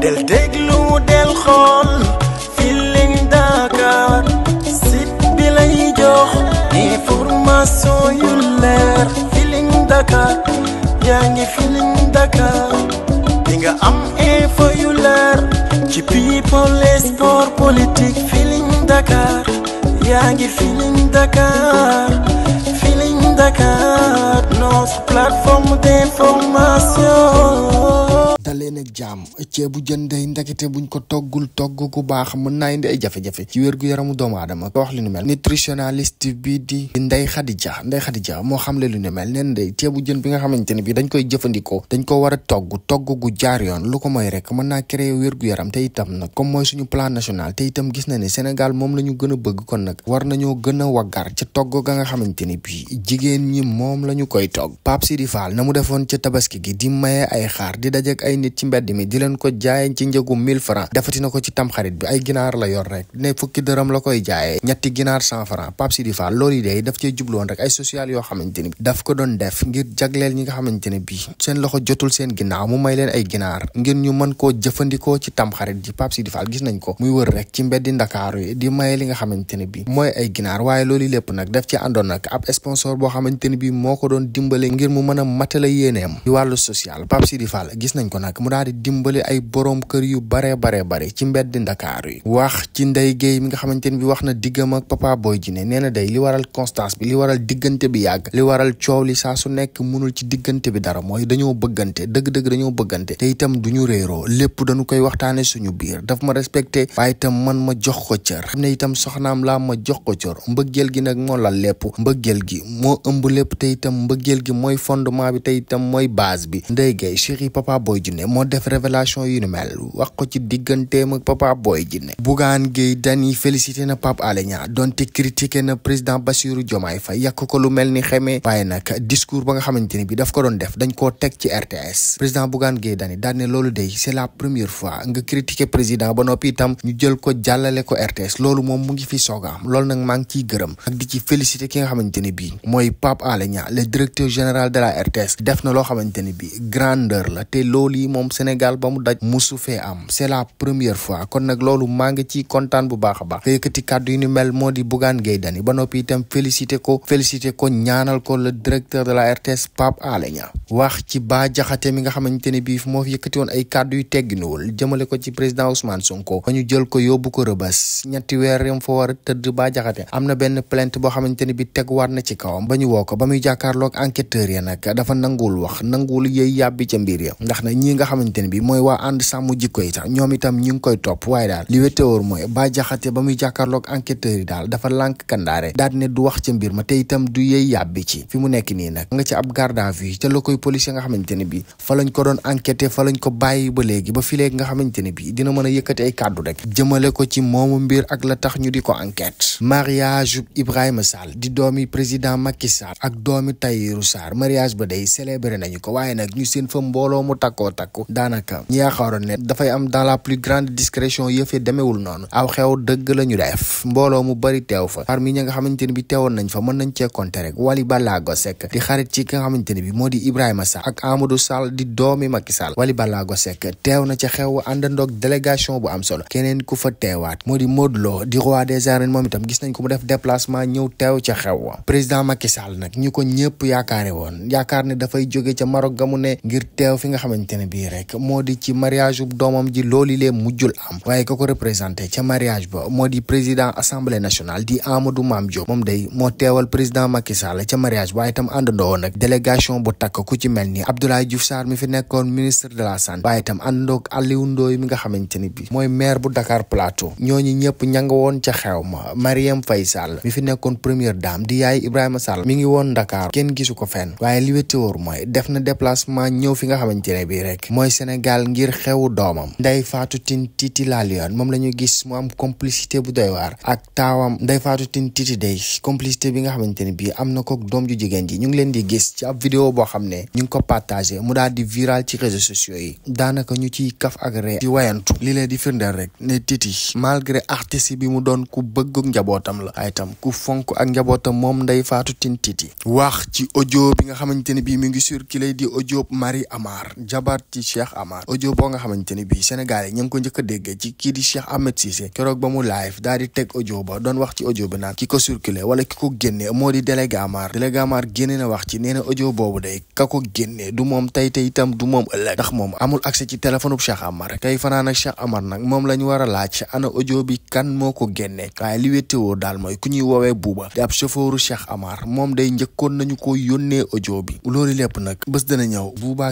del déglu del xool Feeling Dakar site bi lay jox yu leer Feeling Dakar yaa ngi Feeling Dakar di nga am info yu leer ci people sport politique Feeling Dakar yaa ngi Feeling Dakar Feeling Dakar notre plateforme d'information daleen ak jaam ceebu jën day ndekete buñ ko toggul togg gu baax mën naa indi ay jafe-jafe ci wér-gu-yaramu doomu aadama ko wax lu ni mel nutritionnaliste bi di Ndeye Khady Dia Ndeye Khady Dia moo xamle lu ne mel neen day ceebu jën bi nga xamante ne bi dañ koy jëfandikoo dañ ko war a togg togg gu jaar yoon lu ko mooy rek mën naa créer wér-gu-yaram te itam nag comme mooy suñu plan national te itam gis na ne Sénégal moom la ñu gën a bëgg kon nag war nañoo gën a waggar ca togg ga nga xamante ni bi jigéen ñi moom la ñu koy togg Pape na mu defoon ca tabaski gi di maye ay nit ci mbedd mi di leen ko jaay ci njëgu 1000 francs dafati na ko ci tamxarit bi ay ginaar la yor rek ne fukki dërëm la koy jaayee ñetti ginaar 100 francs Pape Sidi Fall loolu yi day daf cee jubloon yoo xamante ni daf ko doon def ngir jagleel ñi nga xamante ne bi seen loxo jotul seen ginnaaw mu may leen ay ginaar ngir ñu mën koo jëfandikoo ci tamxarit ji Pape gis nañ ko muy wër rek ci mbeddi Ndakaaru yi di maye li nga xamante ne bi mooy ay ginaar waaye loolu lépp nag def ci àndoon nag ab sponsor boo xamante ne bi moo ko doon dimbale ngir mu mën a matale yéeneem ci wàllu social nag mu daal di dimbali ay borom kër yu bare bare bare ci mbedd ndakaar yi wax ci Ndeye Gueye mi nga xamante ni bi wax na diggam ak Papa Boy Djiné nee na day li waral constance bi li waral diggante bi yàgg li waral coow li saa su nekk mënul ci diggante bi dara mooy dañoo bëggante dëgg-dëgg dañoo bëggante te itam du ñu réeroo lépp dañu koy waxtaane suñu biir dafa ma respecté waaye itam man ma jox ko cër xam ne itam soxnaam laa ma jox ko cër mbëggeel gi nag moo lépp mbëggeel gi moo ëmb lépp te itam mbëggeel gi mooy fondement bi te itam mooy base bi Ndeye Jinne moo def révélation yu ni mel wax ko ci digganteem ak Papa Boy Jinne Bougane Gueye Dany félicité na Pape Alé Niang donte critiqué na président Bassirou Diomaye Faye yàq ko lu mel ni xemee waaye nag discours ba nga xamante ni bi daf ko doon def dañ koo teg ci RTS président Bougane Gueye Dany daan ne loolu day c'est la première fois nga critiqué président ba noppi tam ñu jël ko jàllale ko RTS loolu moom mu ngi fi sooga am loolu nag maa ngi ciy gërëm ak di ci félicité ki nga xamante ni bii mooy Pape Alé Niang le directeur général de la RTS def na loo xamante ni bi grandeur la moom Sénégal ba mu daj musu fee am c'est la première fois kon nag loolu maa ngi ciy kontaan bu baax a baax te yëkkati kaddu yu ni mel moo di Bougane Gueye Dany ba noppi tam félicité ko félicité ko ñaanal ko le directeur de la RTS Pape Alé Niang wax ci Bah jaxatee mi nga xamante ne bii moo fi yëkkati woon ay kaddu yu tegginuwul jëmale ko ci président Ousmane Sonko ba ñu jël ko yóbbu ko rëbas ñetti weer yam fa war tëdd Bah Diakhaté am na benn plainte boo xamante ne bi teguwaat na ci kawam ba ñu woo ko ba muy jàkkaarloog enquêteurs nag dafa nanguwul wax nanguwul yëy yàbbi ca mbir ya nga xamante ne bi mooy waa ànd sàmm jikko yi sax ñoom itam ñu koy topp waaye daal li wétéwoor mooy ba jaxate ba muy jàkkaarloog enquêteurs yi daal dafa lànk kandaare daal ne du wax ca mbir ma te itam du yey yàbbi ci fi mu nekk nii nag nga ci ab garde à vue te la koy policier nga xamante ne bi fa lañ ko doon enquêté fa lañ ko bàyyi ba léegi ba fileeg nga xamante ne bi dina mën a yëkkati ay kàddu rek jëmale ko ci moomu mbir ak la tax ñu di ko enquête mariage Ibrahima Sall di doomi président Macky Sall ak doomi Tahirou Sarr mariage ba day célébré nañu sàkku daanaka ñi yaakaaroon ne dafay am dans la plus grande discrétion yëf yi demeewul noonu aw xew dëgg la def mbooloo mu bari teew fa parmi ñi nga ne bi teewoon nañ fa mën nañ cee compter rek Wally Ballago Seck di xarit moo di Ibrahima Sall ak Amadou Sall di doomi Macky Sall Wally Ballago Seck teew na ca xew àndandoog délégation bu am ku fa teewaat moo di Modou Lo di roi des arènes moom itam gis nañ ko mu def déplacement ñëw teew ca xew wa président Macky Sall nag ñu ko ñëpp yaakaare woon yaakaar ne dafay jóge ca Maroc ga mu ne ngir teew fi nga xamante ne bii rek moo di ci mariage bu doomam ji loolu lee am waaye ka ko ca mariage ba moo di président assemblée nationale di Amadou Mame Diop moom day moo teewal président Macky Sall ca mariage waaye itam àndandoo nag bu takk ku ci mel ni Abdoulaye Diouf Sarr mi fi nekkoon ministre de la santé waaye itam àndandoo ak mi nga xamante ni bi mooy maire bu Dakar Plateau ñooñu ñëpp ña nga woon ca xew ma Marième Faye Sall mi fi nekkoon première dame di yaay Ibrahima Sall mi ngi woon Dakar kenn gisu ko fenn waaye mooy Sénégal ngir xewu doomam Ndeye faatu Tine tiiti La Lyon moom la ñu gis moom complicité bu doy ak taawam Ndeye Fatou Tine Titi day complicité bi nga xamante ne bii am na ko doom ju jigéen ji ñu ngi leen di gis ci ab vidéo boo xam ne ñu ngi ko partagé mu daal di viral ci réseaux yi daanaka ñu ciy kaf ak di wayantu li leen di firndeel rek ne Titi malgré artiste bi mu doon ku bëgg njabootam la ay tam ku fonk ak njabootam moom Ndeye Fatou Tine Titi wax ci audio bi nga xamante ne bii mi ngi circulé di audio Marie Amar jabar ci Cheikh Amar audio boo nga xamante ni bii Sénégal yi ñu ngi ko njëkk dégg déggee ci kii di Cheikh Ahmed Cissé keroog ba mu live daal di teg audio ba doon wax ci audio bi naan ki ko circulé wala ki ko moo di délégué Amar délégué Amar génne na wax ci nee na boobu day ka ko génnee du moom tey tey itam du moom ëllëg ndax moom amul accès ci téléphone bu Cheikh Amar kay fanaan ak Cheikh Amar nag moom la ñu war laaj ana audio bi kan moo ko génnee waaye li wéttewoo daal mooy ku ñuy woowee buuba di ab chauffeuru Cheikh Amar moom day njëkkoon nañu ko yónnee audio bi loolu lépp nag bés dana ñëw buuba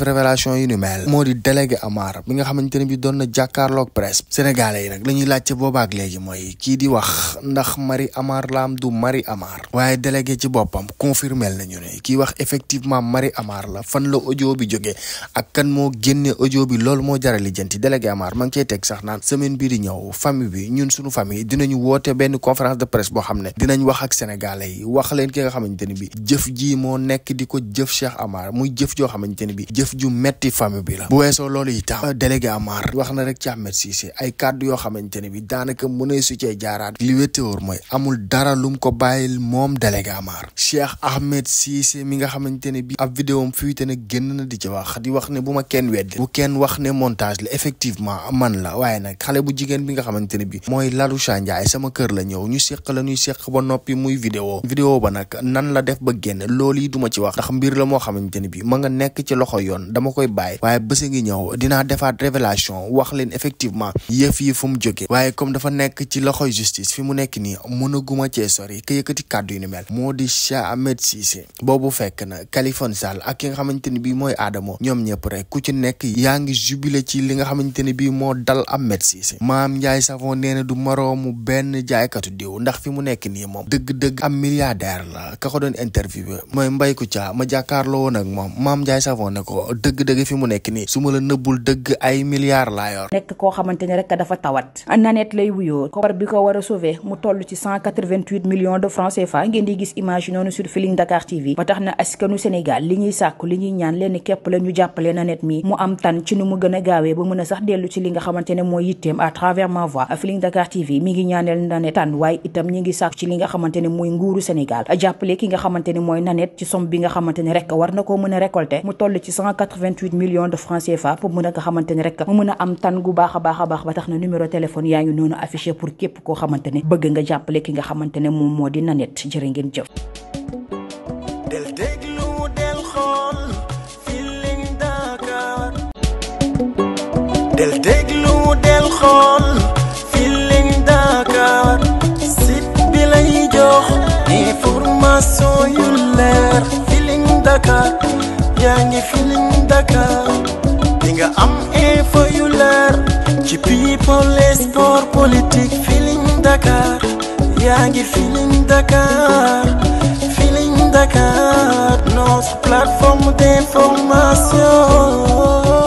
def révélation yi ni mel moo di délégué Amar bi nga xamante ne bi doon na jàkkaarloog presse sénégalais yi nag la ñuy laajte boobaak léegi mooy kii di wax ndax Marie amaar laam du mari amaar waaye délégué ci boppam confirmel nañu ne kii wax effectivement mari amaar la fan la audio bi jógee ak kan moo génne audio bi loolu moo jaral lijjanti délégué Amar ma ngi cey teg sax naan semaine bii di ñëw famille bi ñun suñu dina ñu woote benn conférence de presse boo xam ne dinañ wax ak sénégalais wax leen ki nga xamante ne bi jëf ji moo nekk di ko jëf Cheikh Amar muy jëf joo xamante ne jëf ju metti famille bi la bu weesoo loolu itam délégué Amar wax na rek Thiamet Cissé ay kàddu yoo xamante ne bi daanaka mënee su cee jaaraat li wéttéwoor mooy amul dara lum ko bàyyil moom délégué Amar Cheikh Ahmed Cissé mi nga xamante ne bi ab vidéom fuite na génn na di ci wax di wax ne bu ma kenn weddi bu kenn wax ne montage la effectivement man la waaye nag xale bu jigéen bi nga xamante ne bi mooy lalu Ndiaye sama kër la ñëw ñu seq la ñuy seq ba noppi muy vidéo vidéo ba nag nan la def ba génn loolu yi duma ci wax ndax mbir la moo xamante ne bi ma nga nekk ci loxo yoon yoon dama koy bàyyi waaye bés ngi ñëw dinaa defaat révélation wax leen effectivement yëf yi fu mu jógee waaye comme dafa nekk ci loxoy justice fi mu nekk nii mënaguma cee sori ka yëkkati kàddu yu ni mel moo di Cheikh am Cissé boobu fekk na Kaliphone Sall ak ki nga xamante ni bii mooy Adamo ñoom ñëpp rek ku ci nekk yaa ngi jubile ci li nga xamante ni bii moo dal Ahmed Cissé maam Ndiaye Savon nee na du moroomu benn jaaykatu diw ndax fi mu nekk nii moom dëgg-dëgg am milliardaire la ka ko doon interviewé mooy Mbaye Kouthia ma jàkkaarloo woon ak moom maam Ndiaye Savon ne dëgg-dëgg fi mu nekk nii su ma la nëbbul dëgg ay milliards laa nekk koo xamante rek dafa nanet lay wuyoo. koppar bi ko war a sauver mu toll ci cent de francs CFA ngeen di gis image sur Feeling Dakar TV ba tax na askanu Sénégal li ñuy sàkku li ñuy ñaan lenn képp la ñu jàppale nanet mi mu am tan ci nu mu gën a gaawee ba mën a sax dellu ci li nga xamante mooy yitteem à travers ma voix Feeling Dakar TV mi ngi ñaaneel nanet tan waaye itam ñi 88 millions de francs CFA pour mën a nga xamante ne rek mu mën a am tan gu baax a baax a baax ba tax na numéro téléphone yaa ngi noonu affiché pour képp koo xamante ne bëgg nga jàppale ki nga xamante ne moom moo di Nanette jërë ngeen jëf del déglu yaa ngi Feeling Dakar di nga am info yu leer ci people ngi Feeling Dakar Feeling Dakar nos plateforme